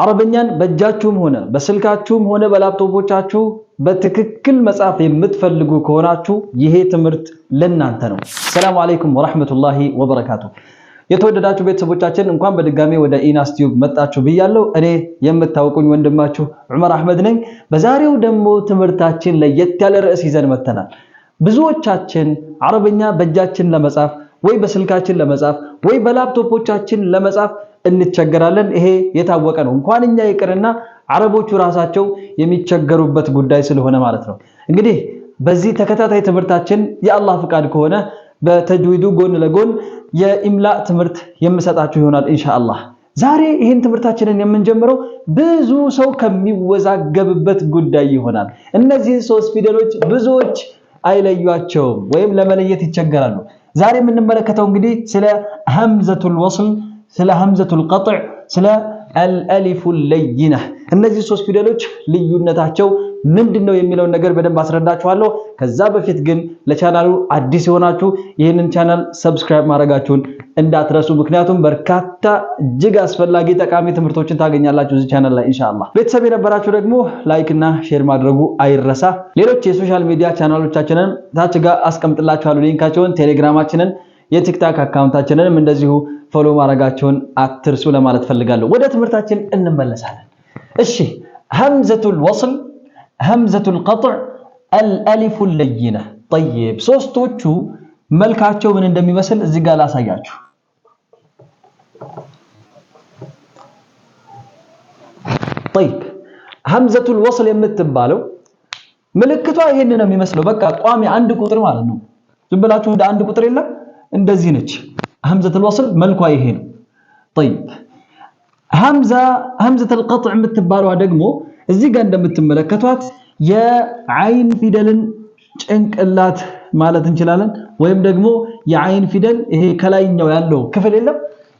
አረብኛን በእጃችሁም ሆነ በስልካችሁም ሆነ በላፕቶፖቻችሁ በትክክል መጻፍ የምትፈልጉ ከሆናችሁ ይሄ ትምህርት ለእናንተ ነው። ሰላም አለይኩም ወራህመቱላሂ ወበረካቱ። የተወደዳችሁ ቤተሰቦቻችን እንኳን በድጋሚ ወደ ኢናስቲዩብ መጣችሁ ብያለሁ። እኔ የምታውቁኝ ወንድማችሁ ዑመር አህመድ ነኝ። በዛሬው ደግሞ ትምህርታችን ለየት ያለ ርዕስ ይዘን መተናል። ብዙዎቻችን አረብኛ በእጃችን ለመጻፍ ወይ በስልካችን ለመጻፍ ወይ በላፕቶፖቻችን ለመጻፍ እንቸገራለን። ይሄ የታወቀ ነው። እንኳን እኛ ይቅርና አረቦቹ ራሳቸው የሚቸገሩበት ጉዳይ ስለሆነ ማለት ነው። እንግዲህ በዚህ ተከታታይ ትምህርታችን የአላህ ፍቃድ ከሆነ በተጅዊዱ ጎን ለጎን የኢምላ ትምህርት የምሰጣችሁ ይሆናል ኢንሻአላህ። ዛሬ ይህን ትምህርታችንን የምንጀምረው ብዙ ሰው ከሚወዛገብበት ጉዳይ ይሆናል። እነዚህ ሶስት ፊደሎች ብዙዎች አይለዩቸውም ወይም ለመለየት ይቸገራሉ። ዛሬ የምንመለከተው እንግዲህ ስለ ሀምዘቱል ወስል ስለ ሀምዘቱል ቀጥዕ፣ ስለ አልአሊፉል ለይነ እነዚህ ሶስት ፊደሎች ልዩነታቸው ምንድን ነው የሚለውን ነገር በደንብ አስረዳችኋለሁ። ከዛ በፊት ግን ለቻናሉ አዲስ የሆናችሁ ይህንን ቻናል ሰብስክራይብ ማድረጋችሁን እንዳትረሱ። ምክንያቱም በርካታ እጅግ አስፈላጊ ጠቃሚ ትምህርቶችን ታገኛላችሁ እዚህ ቻናል ላይ ኢንሻአላህ። ቤተሰብ የነበራችሁ ደግሞ ላይክ እና ሼር ማድረጉ አይረሳ። ሌሎች የሶሻል ሚዲያ ቻናሎቻችንን ታች ጋር አስቀምጥላችኋለሁ ሊንካቸውን ቴሌግራማችንን የቲክታክ አካውንታችንንም እንደዚሁ ፎሎ ማድረጋቸውን አትርሱ ለማለት ፈልጋለሁ። ወደ ትምህርታችን እንመለሳለን። እሺ ሀምዘቱል ወስል፣ ሀምዘቱል ቀጥዕ፣ አልአሊፉ ለይነ ጠይብ። ሶስቶቹ መልካቸው ምን እንደሚመስል እዚህ ጋር ላሳያችሁ። ጠይብ ሀምዘቱል ወስል የምትባለው ምልክቷ ይሄን ነው የሚመስለው። በቃ ቋሚ አንድ ቁጥር ማለት ነው። ዝም ብላችሁ እንደ አንድ ቁጥር የለም እንደዚህ ነች። ሀምዘተል ወስል መልኳ ይሄ ነው። ጠይብ ሀምዘተል ቀጥዕ የምትባለዋ ደግሞ እዚህ ጋር እንደምትመለከቷት የዓይን ፊደልን ጭንቅላት ማለት እንችላለን። ወይም ደግሞ የዓይን ፊደል ይሄ ከላይኛው ያለው ክፍል የለም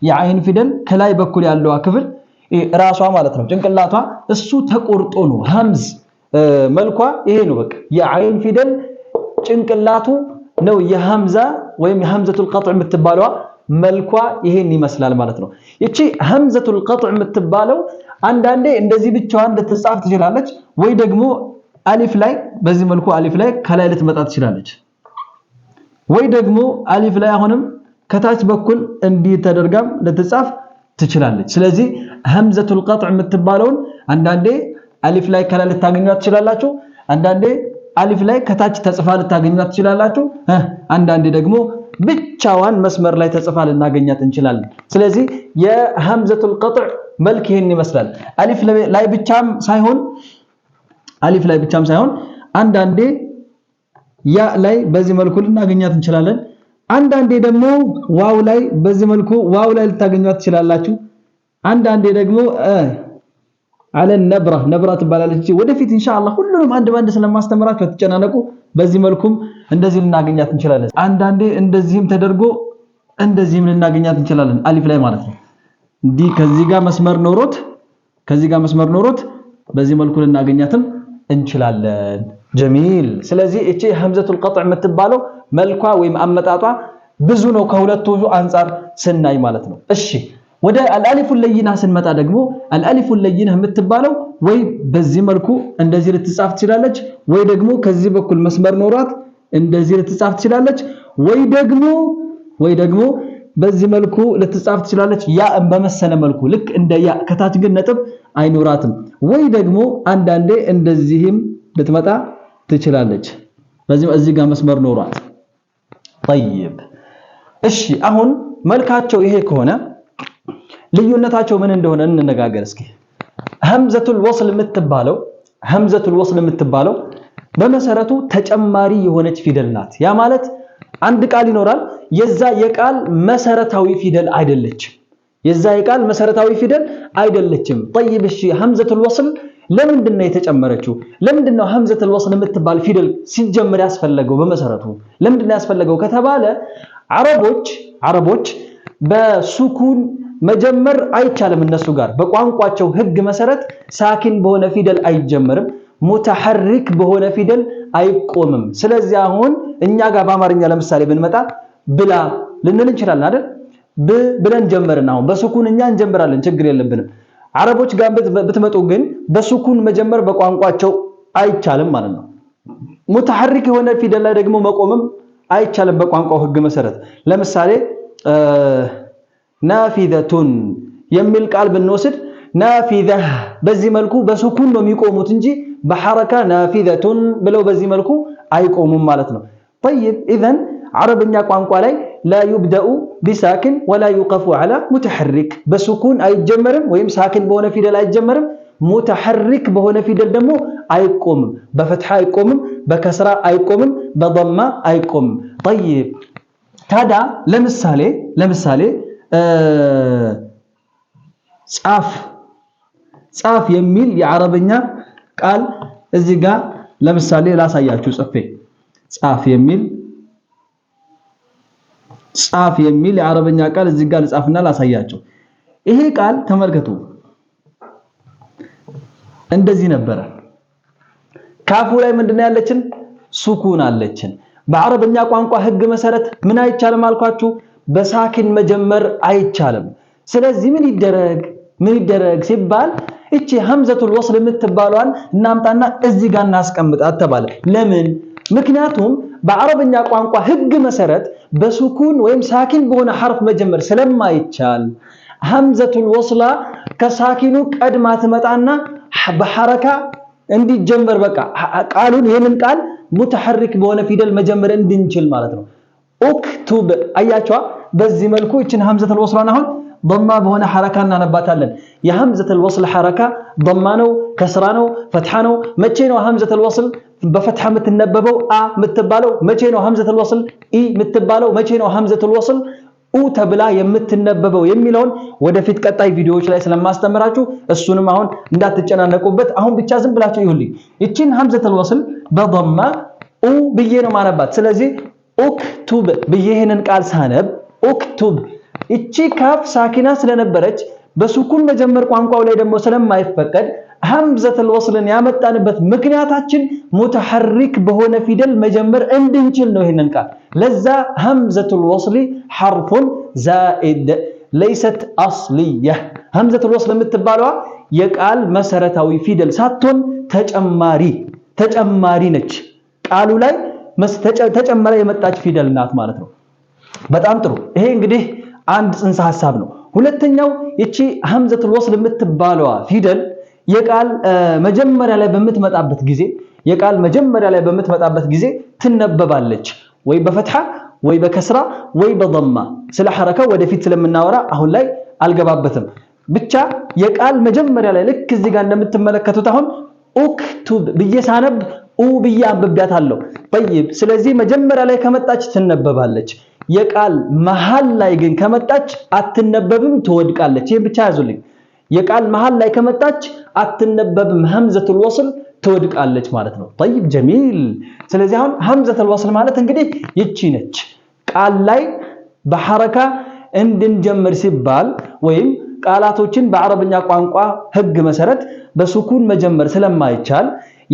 የዓይን ፊደል ከላይ በኩል ያለዋ ክፍል ራሷ ማለት ነው ጭንቅላቷ እሱ ተቆርጦ ነው ሀምዝ መልኳ ይሄ ነው። በቃ የዓይን ፊደል ጭንቅላቱ ነው የሀምዛ ወይም የሐምዘቱል ቀጥዕ የምትባለዋ መልኳ ይሄን ይመስላል ማለት ነው። ይቺ ሐምዘቱል ቀጥዕ የምትባለው አንዳንዴ እንደዚህ ብቻዋን ልትጻፍ ትችላለች፣ ወይ ደግሞ አሊፍ ላይ በዚህ መልኩ አሊፍ ላይ ከላይ ልትመጣ ትችላለች፣ ወይ ደግሞ አሊፍ ላይ አሁንም ከታች በኩል እንዲህ ተደርጋም ልትጻፍ ትችላለች። ስለዚህ ሐምዘቱል ቀጥዕ የምትባለውን አንዳንዴ አሊፍ ላይ ከላይ ልታገኟት ትችላላችሁ አንዳንዴ አሊፍ ላይ ከታች ተጽፋ ልታገኛት ትችላላችሁ። አንዳንዴ ደግሞ ብቻዋን መስመር ላይ ተጽፋ ልናገኛት እንችላለን። ስለዚህ የሀምዘቱል ቀጥዕ መልክ ይሄን ይመስላል። አሊፍ ላይ ብቻም ሳይሆን አሊፍ ላይ ብቻም ሳይሆን አንዳንዴ ያ ላይ በዚህ መልኩ ልናገኛት እንችላለን። አንዳንዴ ደግሞ ዋው ላይ በዚህ መልኩ ዋው ላይ ልታገኛት ትችላላችሁ። አንዳንዴ ደግሞ አለ ነብራ ነብራ ትባላለች። ወደፊት ኢንሻአላህ ሁሉንም አንድ ባንድ ስለማስተምራችሁ አትጨናነቁ። በዚህ መልኩም እንደዚህ ልናገኛት እንችላለን። አንዳንዴ እንደዚህም ተደርጎ እንደዚህም ልናገኛት እንችላለን። አሊፍ ላይ ማለት ነው። እንዲህ ከዚህ ጋር መስመር ኖሮት ከዚህ ጋር መስመር ኖሮት በዚህ መልኩ ልናገኛትም እንችላለን። ጀሚል። ስለዚህ እቺ ሀምዘቱል ቀጥዕ የምትባለው መልኳ ወይም አመጣጧ ብዙ ነው ከሁለቱ አንፃር ስናይ ማለት ነው። እሺ ወደ አልአሊፉ ለይና ስንመጣ ደግሞ አልአሊፉ ለይና የምትባለው ወይ በዚህ መልኩ እንደዚህ ልትጻፍ ትችላለች፣ ወይ ደግሞ ከዚህ በኩል መስመር ኖሯት እንደዚህ ልትጻፍ ትችላለች፣ ወይ ደግሞ ወይ ደግሞ በዚህ መልኩ ልትጻፍ ትችላለች። ያ በመሰለ መልኩ ልክ እንደ ያ ከታች ግን ነጥብ አይኖራትም። ወይ ደግሞ አንዳንዴ እንደዚህም ልትመጣ ትችላለች። በዚህ እዚህ ጋር መስመር ኖሯት። طيب እሺ፣ አሁን መልካቸው ይሄ ከሆነ ልዩነታቸው ምን እንደሆነ እንነጋገር እስኪ። ሀምዘቱል ወስል የምትባለው ሀምዘቱል ወስል የምትባለው በመሰረቱ ተጨማሪ የሆነች ፊደል ናት። ያ ማለት አንድ ቃል ይኖራል። የዛ የቃል መሰረታዊ ፊደል አይደለችም። የዛ የቃል መሰረታዊ ፊደል አይደለችም። ጠይብ እሺ፣ ሀምዘቱል ወስል ለምንድን ነው የተጨመረችው? ለምንድን ነው ሀምዘቱል ወስል የምትባል ፊደል ሲጀመር ያስፈለገው? በመሰረቱ ለምንድን ነው ያስፈለገው ከተባለ አረቦች አረቦች በሱኩን መጀመር አይቻልም። እነሱ ጋር በቋንቋቸው ህግ መሰረት ሳኪን በሆነ ፊደል አይጀመርም፣ ሙተሐሪክ በሆነ ፊደል አይቆምም። ስለዚህ አሁን እኛ ጋር በአማርኛ ለምሳሌ ብንመጣ ብላ ልንል እንችላለን አይደል? ብ ብለን ጀመርን። አሁን በሱኩን እኛ እንጀምራለን፣ ችግር የለብንም። አረቦች ጋር ብትመጡ ግን በሱኩን መጀመር በቋንቋቸው አይቻልም ማለት ነው። ሙተሐሪክ የሆነ ፊደል ላይ ደግሞ መቆምም አይቻልም በቋንቋው ህግ መሰረት ለምሳሌ ናፊዘቱን የሚል ቃል ብንወስድ ናፊዘ በዚህ መልኩ በሱኩን ነው የሚቆሙት እንጂ በሐረካ ናፊዘቱን ብለው በዚህ መልኩ አይቆሙም ማለት ነው። ጠይብ ኢዘን ዓረብኛ ቋንቋ ላይ ላ ዩብደኡ ቢሳክን ወላ ዩቀፉ ዓላ ሙተሐሪክ በሱኩን አይጀመርም፣ ወይም ሳክን በሆነ ፊደል አይጀመርም። ሙተሐሪክ በሆነ ፊደል ደግሞ አይቆምም። በፈትሓ አይቆምም፣ በከስራ አይቆምም፣ በደማ አይቆምም። ጠይብ ታዳ ለምሳሌ ለምሳሌ ጻፍ ጻፍ የሚል የአረበኛ ቃል እዚህ ጋር ለምሳሌ ላሳያችሁ። ጽፌ ጻፍ የሚል ጻፍ የሚል የአረበኛ ቃል እዚህ ጋር ልጻፍና ላሳያችሁ። ይሄ ቃል ተመልከቱ፣ እንደዚህ ነበረ። ካፉ ላይ ምንድነው ያለችን? ሱኩን አለችን። በአረበኛ ቋንቋ ህግ መሰረት ምን አይቻልም አልኳችሁ? በሳኪን መጀመር አይቻልም። ስለዚህ ምን ይደረግ ምን ይደረግ ሲባል እቺ ሐምዘቱል ወስል የምትባሏን እናምጣና እዚህ ጋር እናስቀምጣት ተባለ። ለምን? ምክንያቱም በአረብኛ ቋንቋ ህግ መሰረት በሱኩን ወይም ሳኪን በሆነ ሐርፍ መጀመር ስለማይቻል ሐምዘቱል ወስላ ከሳኪኑ ቀድማ ትመጣና በሐረካ እንዲጀመር በቃ ቃሉን ይህንን ቃል ሙተሐሪክ በሆነ ፊደል መጀመር እንድንችል ማለት ነው። ኡክቱብ አያቸዋ በዚህ መልኩ እችን ሀምዘተል ወስሏን አሁን ዶማ በሆነ ሐረካ እናነባታለን። የሀምዘተል ወስል ሐረካ ዶማ ነው፣ ከስራ ነው፣ ፈትሐ ነው። መቼ ነው ሀምዘተል ወስል በፈትሐ የምትነበበው? አ የምትባለው መቼ ነው? ሀምዘተል ወስል ኢ የምትባለው መቼ ነው? ሀምዘተል ወስል ኡ ተብላ የምትነበበው የሚለውን ወደፊት ቀጣይ ቪዲዮዎች ላይ ስለማስተምራችሁ እሱንም አሁን እንዳትጨናነቁበት። አሁን ብቻ ዝም ብላችሁ ይሁልኝ። ይቺን ሀምዘተል ወስል በዶማ ኡ ብዬ ነው ማነባት። ስለዚህ ኡክቱብ ብዬ ይህንን ቃል ሳነብ ኡክቱብ እቺ ካፍ ሳኪና ስለነበረች በሱኩን መጀመር ቋንቋው ላይ ደግሞ ስለማይፈቀድ ሀምዘተል ወስልን ያመጣንበት ምክንያታችን ሙተሐሪክ በሆነ ፊደል መጀመር እንድንችል ነው። ይህንን ቃል ለዛ ሀምዘተል ወስሊ ሐርፉን ዛኢድ ለይሰት አስልያ ሀምዘተል ወስል የምትባለዋ የቃል መሰረታዊ ፊደል ሳትሆን ተጨማሪ ተጨማሪ ነች። ቃሉ ላይ ተጨምራ የመጣች ፊደል ናት ማለት ነው። በጣም ጥሩ። ይሄ እንግዲህ አንድ ጽንሰ ሐሳብ ነው። ሁለተኛው ይቺ ሐምዘቱል ወስል የምትባለዋ ፊደል የቃል መጀመሪያ ላይ በምትመጣበት ጊዜ የቃል መጀመሪያ ላይ በምትመጣበት ጊዜ ትነበባለች ወይ በፈትሐ ወይ በከስራ ወይ በማ ስለ ሐረካ ወደፊት ስለምናወራ አሁን ላይ አልገባበትም። ብቻ የቃል መጀመሪያ ላይ ልክ እዚህ ጋር እንደምትመለከቱት አሁን ኡክቱብ ብዬ ሳነብ ኡ ብዬ ጠይብ። ስለዚህ መጀመሪያ ላይ ከመጣች ትነበባለች። የቃል መሃል ላይ ግን ከመጣች አትነበብም፣ ትወድቃለች። ይሄን ብቻ ያዙልኝ። የቃል መሃል ላይ ከመጣች አትነበብም፣ ሀምዘቱል ወስል ትወድቃለች ማለት ነው። ጠይብ ጀሚል። ስለዚህ አሁን ሀምዘቱል ወስል ማለት እንግዲህ ይቺ ነች። ቃል ላይ በሐረካ እንድንጀምር ሲባል ወይም ቃላቶችን በአረብኛ ቋንቋ ህግ መሰረት በሱኩን መጀመር ስለማይቻል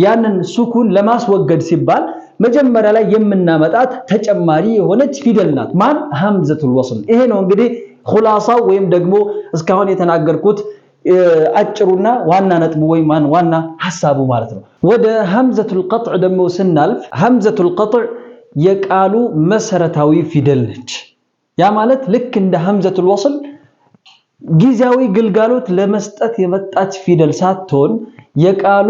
ያንን ሱኩን ለማስወገድ ሲባል መጀመሪያ ላይ የምናመጣት ተጨማሪ የሆነች ፊደል ናት። ማን ሀምዘቱል ወስል። ይሄ ነው እንግዲህ ሁላሳው ወይም ደግሞ እስካሁን የተናገርኩት አጭሩና ዋና ነጥቡ ወይም ዋና ሐሳቡ ማለት ነው። ወደ ሀምዘቱል ቀጥዕ ደግሞ ስናልፍ ሀምዘቱል ቀጥዕ የቃሉ መሰረታዊ ፊደል ነች። ያ ማለት ልክ እንደ ሀምዘቱል ወስል ጊዜያዊ ግልጋሎት ለመስጠት የመጣች ፊደል ሳትሆን የቃሉ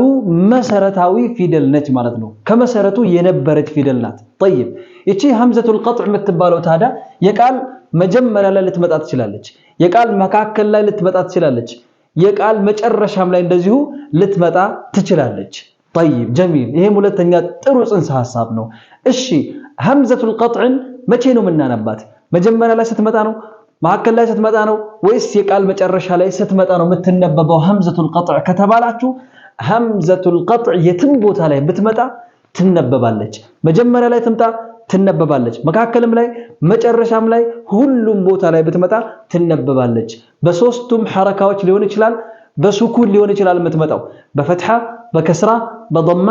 መሰረታዊ ፊደል ነች ማለት ነው። ከመሰረቱ የነበረች ፊደል ናት። ጠይብ ይቺ ሀምዘቱል ቀጥዕ የምትባለው ታዲያ የቃል መጀመሪያ ላይ ልትመጣ ትችላለች። የቃል መካከል ላይ ልትመጣ ትችላለች። የቃል መጨረሻም ላይ እንደዚሁ ልትመጣ ትችላለች። ጠይብ ጀሚል። ይህም ሁለተኛ ጥሩ ጽንሰ ሀሳብ ነው። እሺ ሀምዘቱል ቀጥዕን መቼ ነው የምናነባት? መጀመሪያ ላይ ስትመጣ ነው መካከል ላይ ስትመጣ ነው ወይስ የቃል መጨረሻ ላይ ስትመጣ ነው የምትነበበው? ሀምዘቱል ቀጥዕ ከተባላችሁ ሀምዘቱል ቀጥዕ የትም ቦታ ላይ ብትመጣ ትነበባለች። መጀመሪያ ላይ ትምጣ ትነበባለች፣ መካከልም ላይ መጨረሻም ላይ ሁሉም ቦታ ላይ ብትመጣ ትነበባለች። በሶስቱም ሐረካዎች ሊሆን ይችላል፣ በሱኩን ሊሆን ይችላል። የምትመጣው በፈትሐ በከስራ በደማ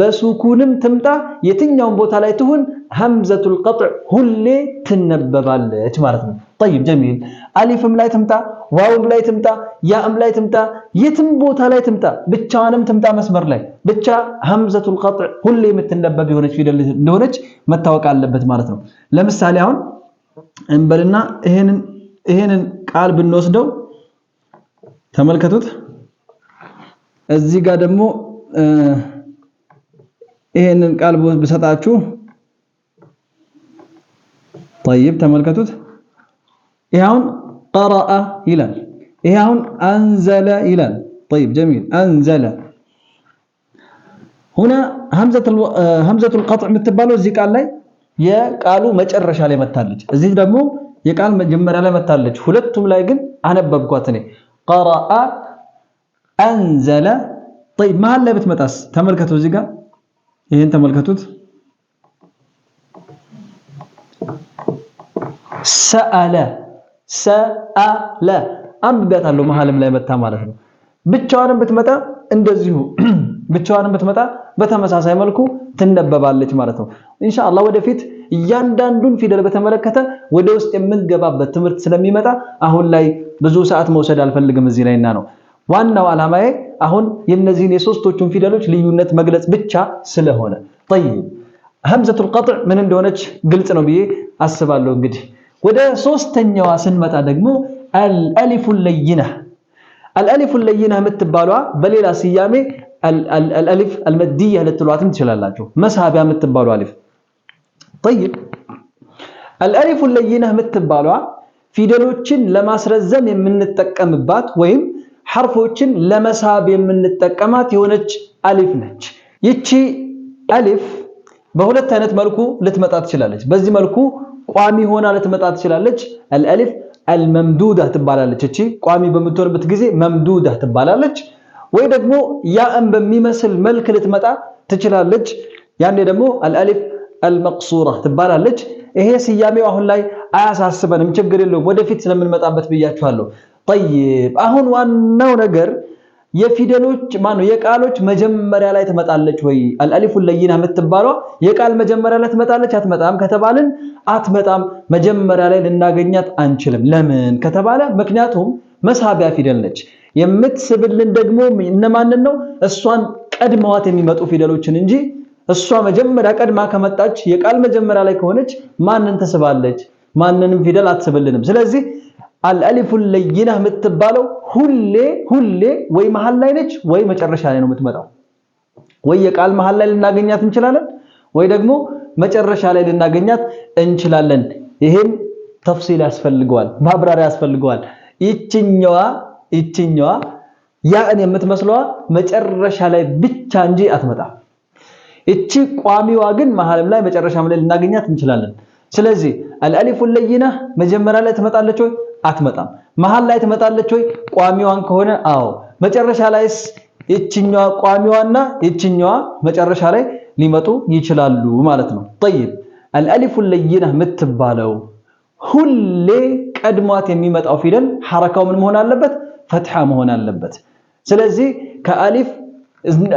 በሱኩንም ትምጣ የትኛውም ቦታ ላይ ትሁን ሀምዘቱል ቀጥዕ ሁሌ ትነበባለች ማለት ነው። ጠይብ ጀሚል አሊፍም ላይ ትምጣ ዋውም ላይ ትምጣ ያእም ላይ ትምጣ የትም ቦታ ላይ ትምጣ ብቻዋንም ትምጣ መስመር ላይ ብቻ ሀምዘቱል ቀጥዕ ሁሌ የምትነበብ የሆነች ፊደል እንደሆነች መታወቅ አለበት ማለት ነው። ለምሳሌ አሁን እንበልና ይሄንን ቃል ብንወስደው ተመልከቱት። እዚህ ጋር ደግሞ ይሄንን ቃል ብሰጣችሁ ጠይብ ተመልከቱት። ይህ አሁን ቀረአ ይላል። ይህ አሁን አንዘለ ይላል። ጠይብ ጀሚል አንዘለ ሁና ሀምዘቱል ቀጥዕ የምትባለው እዚህ ቃል ላይ የቃሉ መጨረሻ ላይ መታለች። እዚህ ደግሞ የቃል መጀመሪያ ላይ መታለች። ሁለቱም ላይ ግን አነበብኳት እኔ ቀረአ አንዘለ። ጠይብ መሀል ላይ ብትመጣስ? ተመልከቱ፣ እዚህ ጋር ይህን ተመልከቱት። ሰአለ ሰአለ አንብቤያታለሁ መሀልም ላይ መታ ማለት ነው። ብቻዋንም ብትመጣ እንደዚሁ ብቻዋንም ብትመጣ በተመሳሳይ መልኩ ትነበባለች ማለት ነው። ኢንሻአላህ ወደፊት እያንዳንዱን ፊደል በተመለከተ ወደ ውስጥ የምንገባበት ትምህርት ስለሚመጣ አሁን ላይ ብዙ ሰዓት መውሰድ አልፈልግም እዚህ ላይና ነው ዋናው ዓላማዬ አሁን የነዚህን የሶስቶቹን ፊደሎች ልዩነት መግለጽ ብቻ ስለሆነ ጠይብ ሀምዘቱል ቀጥዕ ምን እንደሆነች ግልጽ ነው ብዬ አስባለሁ እንግዲህ ወደ ሶስተኛዋ ስንመጣ ደግሞ አልአሊፉል ለይነህ አልአሊፉል ለይነህ የምትባሏ በሌላ ስያሜ አልአሊፍ አልመድያ ልትሏትም ትችላላችሁ። መሳቢያ የምትባሏ አሊፍ ጠይብ። አልአሊፉል ለይነህ የምትባሏ ፊደሎችን ለማስረዘም የምንጠቀምባት ወይም ሐርፎችን ለመሳብ የምንጠቀማት የሆነች አሊፍ ነች። ይቺ አሊፍ በሁለት አይነት መልኩ ልትመጣ ትችላለች። በዚህ መልኩ ቋሚ ሆና ልትመጣ ትችላለች። አልአሊፍ አልመምዱዳ ትባላለች። እቺ ቋሚ በምትሆንበት ጊዜ መምዱዳ ትባላለች። ወይ ደግሞ ያእን በሚመስል መልክ ልትመጣ ትችላለች። ያኔ ደግሞ አልአሊፍ አልመቅሱራ ትባላለች። ይሄ ስያሜው አሁን ላይ አያሳስበንም፣ ችግር የለውም። ወደፊት ስለምንመጣበት ብያችኋለሁ። ጠይብ አሁን ዋናው ነገር የፊደሎች ማነው የቃሎች መጀመሪያ ላይ ትመጣለች ወይ? አልአሊፉ ለይና የምትባሏ የቃል መጀመሪያ ላይ ትመጣለች አትመጣም ከተባልን አትመጣም። መጀመሪያ ላይ ልናገኛት አንችልም። ለምን ከተባለ ምክንያቱም መሳቢያ ፊደል ነች። የምትስብልን ደግሞ እነማንን ነው? እሷን ቀድመዋት የሚመጡ ፊደሎችን እንጂ እሷ መጀመሪያ ቀድማ ከመጣች የቃል መጀመሪያ ላይ ከሆነች ማንን ትስባለች? ማንንም ፊደል አትስብልንም። ስለዚህ አልአሊፉ ለይና የምትባለው ሁሌ ሁሌ ወይ መሀል ላይ ነች ወይ መጨረሻ ላይ ነው የምትመጣው። ወይ የቃል መሀል ላይ ልናገኛት እንችላለን ወይ ደግሞ መጨረሻ ላይ ልናገኛት እንችላለን። ይሄም ተፍሲል ያስፈልገዋል፣ ማብራሪያ ያስፈልገዋል። ይችኛዋ ይችኛዋ ያእን የምትመስለዋ መጨረሻ ላይ ብቻ እንጂ አትመጣ። እቺ ቋሚዋ ግን መሀልም ላይ መጨረሻም ላይ ልናገኛት እንችላለን። ስለዚህ አልአሊፉ ለይና መጀመሪያ ላይ ትመጣለች ወይ አትመጣም። መሀል ላይ ትመጣለች ወይ? ቋሚዋን ከሆነ አዎ። መጨረሻ ላይስ የችኛዋ ቋሚዋና የችኛዋ መጨረሻ ላይ ሊመጡ ይችላሉ ማለት ነው። ጠይብ አልአሊፉ ለይና የምትባለው ሁሌ ቀድሟት የሚመጣው ፊደል ሐረካው ምን መሆን አለበት? ፈትሐ መሆን አለበት። ስለዚህ ከአሊፍ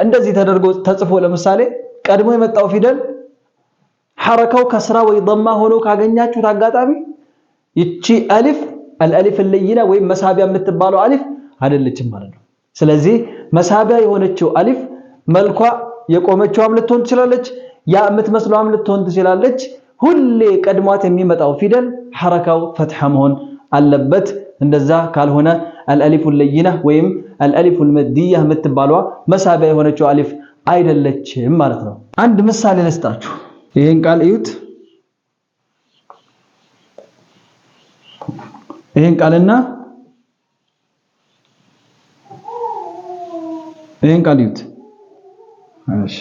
እንደዚህ ተደርጎ ተጽፎ ለምሳሌ ቀድሞ የመጣው ፊደል ሐረካው ከስራ ወይ ደማ ሆኖ ካገኛችሁት አጋጣሚ ይቺ አሊፍ አልአሊፍ ለይና ወይም መሳቢያ የምትባለው አሊፍ አይደለችም ማለት ነው። ስለዚህ መሳቢያ የሆነችው አሊፍ መልኳ የቆመችዋም ልትሆን ትችላለች፣ ያ የምትመስለዋም ልትሆን ትችላለች። ሁሌ ቀድሟት የሚመጣው ፊደል ሐረካው ፈትሐ መሆን አለበት። እንደዛ ካልሆነ አልአሊፍ ለይና ወይም አልአሊፍ መድያ የምትባለዋ መሳቢያ የሆነችው አሊፍ አይደለችም ማለት ነው። አንድ ምሳሌ ልስጣችሁ። ይህን ቃል እዩት። ይሄን ቃልና ይሄን ቃል ይዩት። እሺ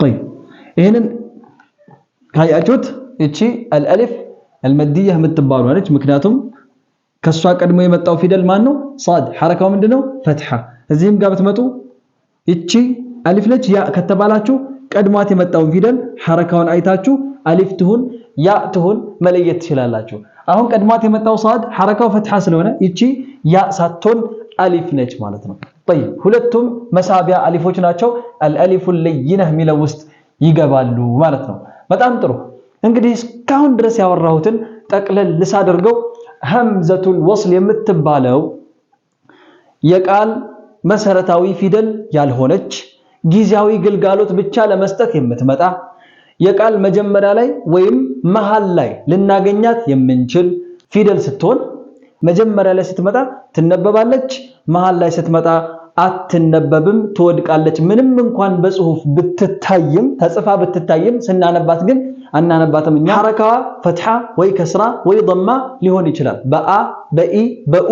طيب ካያችሁት እቺ አልአሊፍ አልመድያ የምትባለው አለች። ምክንያቱም ከሷ ቀድሞ የመጣው ፊደል ማን ነው? ሳድ። ሐረካው ምንድነው? ፈትሐ። እዚህም ጋር ብትመጡ እቺ አሊፍ ነች። ያ ከተባላችሁ ቀድሟት የመጣውን ፊደል ሐረካውን አይታችሁ አሊፍ ትሁን ያ ትሁን መለየት ትችላላችሁ። አሁን ቀድማት የመጣው ሰዋድ ሐረካው ፈትሐ ስለሆነ ይቺ ያ ሳትሆን አሊፍ ነች ማለት ነው። ጠይብ ሁለቱም መሳቢያ አሊፎች ናቸው። አልአሊፉ ለይነህ የሚለው ውስጥ ይገባሉ ማለት ነው። በጣም ጥሩ እንግዲህ እስካሁን ድረስ ያወራሁትን ጠቅለል ልሳደርገው ሐምዘቱል ወስል የምትባለው የቃል መሰረታዊ ፊደል ያልሆነች ጊዜያዊ ግልጋሎት ብቻ ለመስጠት የምትመጣ የቃል መጀመሪያ ላይ ወይም መሃል ላይ ልናገኛት የምንችል ፊደል ስትሆን መጀመሪያ ላይ ስትመጣ ትነበባለች፣ መሃል ላይ ስትመጣ አትነበብም፣ ትወድቃለች። ምንም እንኳን በጽሁፍ ብትታይም ተጽፋ ብትታይም ስናነባት ግን አናነባትም። እኛ ሐረካዋ ፈትሃ ወይ ከስራ ወይ ضማ ሊሆን ይችላል። በአ በኢ በኡ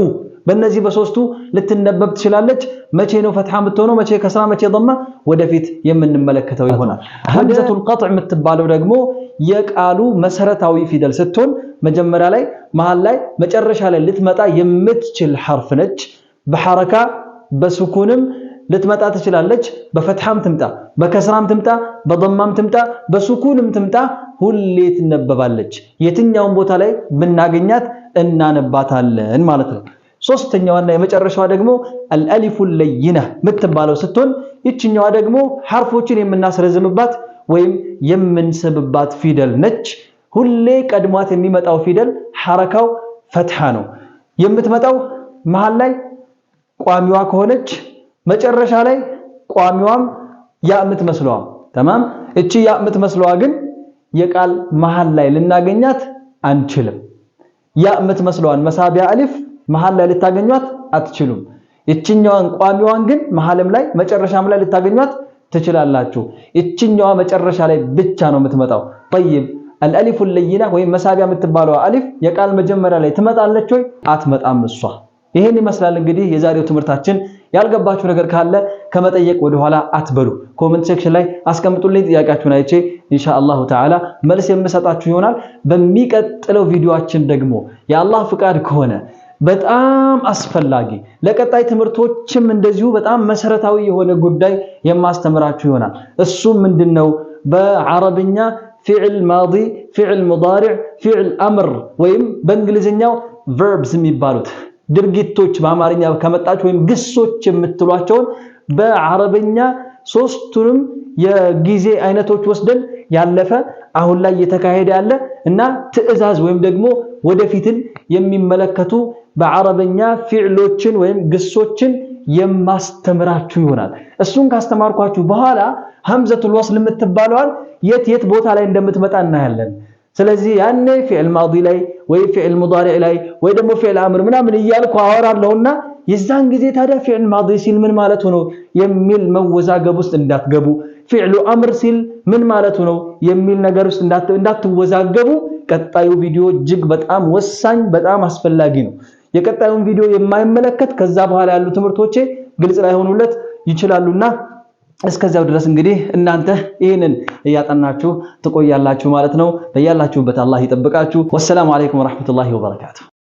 በእነዚህ በሶስቱ ልትነበብ ትችላለች። መቼ ነው ፈትሃ የምትሆነው? መቼ ከስራ፣ መቼ ضማ? ወደፊት የምንመለከተው ይሆናል። ሀምዘቱል ቀጥዕ የምትባለው ደግሞ የቃሉ መሰረታዊ ፊደል ስትሆን መጀመሪያ ላይ፣ መሃል ላይ፣ መጨረሻ ላይ ልትመጣ የምትችል ሐርፍ ነች። በሐረካ በስኩንም ልትመጣ ትችላለች። በፈትሐም ትምጣ፣ በከስራም ትምጣ፣ በደማም ትምጣ፣ በስኩንም ትምጣ ሁሌ ትነበባለች። የትኛውን ቦታ ላይ ብናገኛት እናነባታለን ማለት ነው። ሶስተኛዋና የመጨረሻዋ ደግሞ አልአሊፉ ለይነ የምትባለው ስትሆን ይችኛዋ ደግሞ ሐርፎችን የምናስረዝምባት ወይም የምንስብባት ፊደል ነች። ሁሌ ቀድሟት የሚመጣው ፊደል ሐረካው ፈትሐ ነው። የምትመጣው መሃል ላይ ቋሚዋ ከሆነች መጨረሻ ላይ ቋሚዋም ያ የምትመስለዋ ተማም። እቺ ያ የምትመስለዋ ግን የቃል መሃል ላይ ልናገኛት አንችልም። ያ የምትመስለዋን መሳቢያ አሊፍ መሃል ላይ ልታገኟት አትችሉም። ይችኛዋን ቋሚዋን ግን መሃልም ላይ መጨረሻም ላይ ልታገኟት ትችላላችሁ። ይችኛዋ መጨረሻ ላይ ብቻ ነው የምትመጣው። ጠይብ አልአሊፉ ለይና ወይም መሳቢያ የምትባለው አሊፍ የቃል መጀመሪያ ላይ ትመጣለች ወይ? አትመጣም እሷ ይሄን ይመስላል እንግዲህ የዛሬው ትምህርታችን። ያልገባችሁ ነገር ካለ ከመጠየቅ ወደኋላ አትበሉ። ኮመንት ሴክሽን ላይ አስቀምጡልኝ። ጥያቄያችሁን አይቼ ኢንሻአላሁ ተዓላ መልስ የምሰጣችሁ ይሆናል። በሚቀጥለው ቪዲዮአችን ደግሞ የአላህ ፍቃድ ከሆነ በጣም አስፈላጊ ለቀጣይ ትምህርቶችም እንደዚሁ በጣም መሰረታዊ የሆነ ጉዳይ የማስተምራችሁ ይሆናል። እሱ ምንድነው? በአረብኛ ፊዕል ማዲ፣ ፊዕል ሙዳሪዕ፣ ፊዕል አምር ወይም በእንግሊዝኛው ቨርብስ የሚባሉት ድርጊቶች በአማርኛ ከመጣች ወይም ግሶች የምትሏቸውን በአረብኛ ሶስቱንም የጊዜ አይነቶች ወስደን ያለፈ አሁን ላይ እየተካሄደ ያለ እና ትዕዛዝ ወይም ደግሞ ወደፊትን የሚመለከቱ በአረብኛ ፊዕሎችን ወይም ግሶችን የማስተምራችሁ ይሆናል። እሱን ካስተማርኳችሁ በኋላ ሀምዘቱል ወስል የምትባለዋል የት የት ቦታ ላይ እንደምትመጣ እናያለን። ስለዚህ ያኔ ፊዕል ማዲ ላይ ወይ ፊዕል ሙዳሪዕ ላይ ወይ ደግሞ ፊዕል አምር ምናምን እያልኩ አወራለሁና የዛን ጊዜ ታዲያ ፊዕል ማዲ ሲል ምን ማለት ነው የሚል መወዛገብ ውስጥ እንዳትገቡ፣ ፊዕሉ አምር ሲል ምን ማለት ነው የሚል ነገር ውስጥ እንዳትወዛገቡ። ቀጣዩ ቪዲዮ እጅግ በጣም ወሳኝ በጣም አስፈላጊ ነው። የቀጣዩን ቪዲዮ የማይመለከት ከዛ በኋላ ያሉ ትምህርቶቼ ግልጽ ላይሆኑለት ይችላሉና እስከዚያው ድረስ እንግዲህ እናንተ ይህንን እያጠናችሁ ትቆያላችሁ ማለት ነው። በያላችሁበት አላህ ይጠብቃችሁ። ወሰላሙ አለይኩም ወራህመቱላሂ ወበረካቱ።